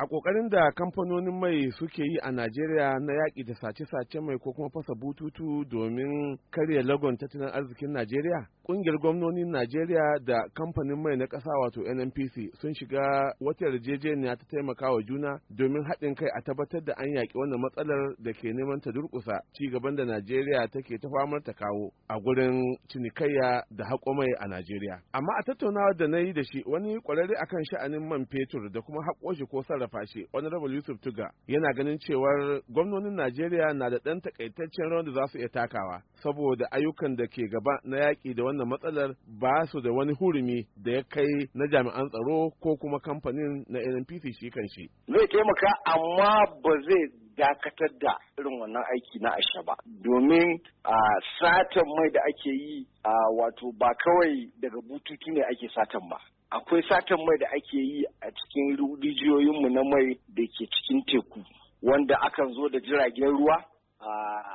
a ƙoƙarin da kamfanonin mai suke yi a najeriya na yaƙi da sace-sace mai ko kuma fasa bututu domin karya lagon tattalin arzikin najeriya ƙungiyar gwamnonin najeriya da kamfanin mai na ƙasa wato nnpc sun shiga wata yarjejeniya ta taimakawa juna domin haɗin kai a tabbatar da an yaƙi wannan matsalar da ke neman ta durƙusa ci gaban da najeriya take ta famar ta kawo a gurin cinikayya da haƙo mai a najeriya amma a tattaunawar da na yi da shi wani ƙwararre akan sha'anin man fetur da kuma haƙo shi ko sarrafa wallafa shi honorable yusuf tuga yana ganin cewar gwamnonin najeriya na da ɗan takaitaccen rawan da za su iya takawa saboda ayyukan da ke gaba na yaƙi da wannan matsalar ba su da wani hurumi da ya kai na jami'an tsaro ko kuma kamfanin na nnpc shi kan shi zai taimaka amma ba zai dakatar da irin wannan aiki na asha ba domin a satan mai da ake yi a wato ba kawai daga bututu ne ake satan ba akwai satan mai da ake yi a cikin rijiyoyinmu na mai da ke cikin teku wanda akan zo da jiragen ruwa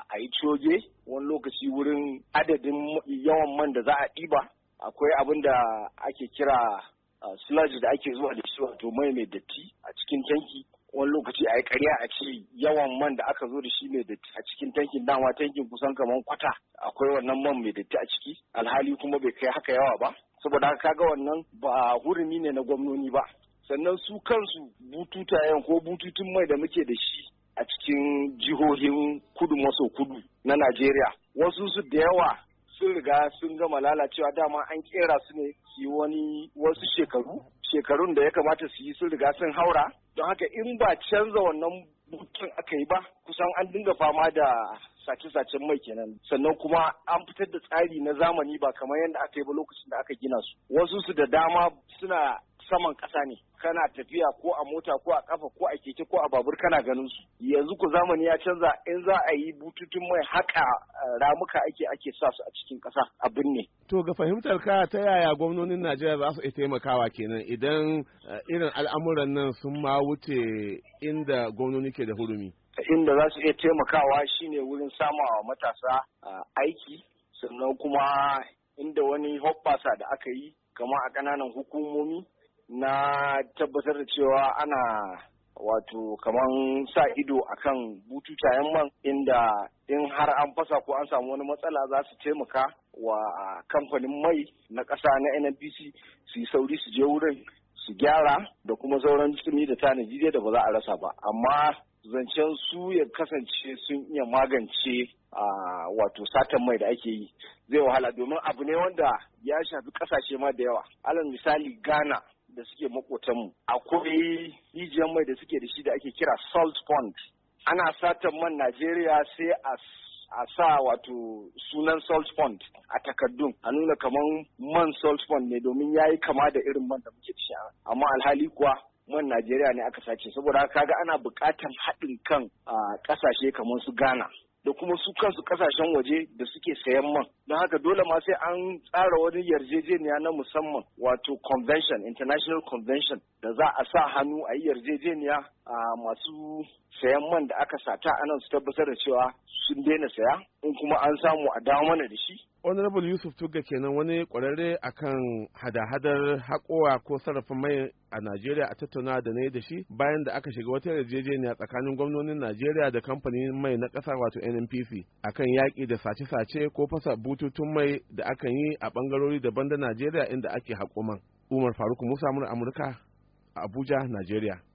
a yi coge wani lokaci wurin adadin yawan man da za a ɗiba akwai abin da ake kira sludge da ake zuwa da shi wato mai mai datti a cikin tanki wani lokaci a yi karya a ce yawan man da aka zo da shi mai datti a cikin tankin dama tankin kusan kamar kwata akwai wannan man mai datti a ciki alhali kuma bai kai haka yawa ba saboda haka ga wannan ba hurumi ne na gwamnoni ba sannan su kansu bututayen ko bututun mai da muke da shi a cikin jihohin kudu maso kudu na Najeriya wasu su da yawa sun riga sun gama lalacewa dama an kera su ne su wani wasu shekaru shekarun da ya kamata su yi sun riga sun haura don haka in ba canza wannan butun aka yi ba kusan an dinga fama da sace-sacen mai kenan sannan kuma an fitar da tsari na zamani ba kamar yadda aka yi ba lokacin da aka gina su wasu su da dama suna saman ƙasa ne kana tafiya ko a mota ko a kafa ko a keke ko a babur kana ganin su yanzu ku zamani ya canza in za a yi bututun mai haka eh, ramuka ake ake sa su a cikin ƙasa a binne to ga fahimtar ka ta yaya gwamnonin Najeriya za su taimakawa kenan idan eh, irin al'amuran nan sun ma wuce inda gwamnoni ke da hurumi inda za su iya taimakawa shine wurin samun matasa aiki sannan kuma inda wani hoppasa da aka yi kama a kananan hukumomi na tabbatar da cewa ana wato kaman sa ido akan bututayen man inda in har an fasa ko an samu wani matsala za su taimaka wa kamfanin mai na ƙasa na nnpc su yi sauri su je wurin su gyara da kuma sauran tsumi da ta tanadi da ba za a rasa ba amma zancen su ya kasance sun iya magance a wato satan mai da ake yi zai wahala domin abu ne wanda ya shafi kasashe ma da yawa alal misali ghana da suke makotanmu akwai rijiyar mai da suke da shi da ake kira salt pond ana satan man najeriya sai a a sa wato sunan salt pond a takardun a nuna kamar man salt pond ne domin ya yi kama da irin man da muke ci amma alhali kuwa man Najeriya ne aka sace saboda haka ga ana buƙatar haɗin kan a ƙasashe kamar su Ghana da kuma su kansu kasashen waje da suke sayan man don haka dole ma sai an tsara wani yarjejeniya na musamman wato convention international convention da za a sa hannu a yi yarjejeniya A masu sayan man da aka sata a nan su tabbatar da cewa sun daina saya in kuma an samu a dawo mana da shi. Honorable Yusuf tuga kenan wani kwararre akan hada-hadar haƙowa ko sarrafa mai a Najeriya a tattauna da na da shi bayan da aka shiga wata yarjejeniya tsakanin gwamnonin Najeriya da kamfanin mai na ƙasa wato NNPC akan yaƙi da sace-sace ko fasa bututun mai da aka yi a ɓangarori daban da Najeriya inda ake haƙo man. Umar Faruk Musa Amurka, a Abuja, Najeriya.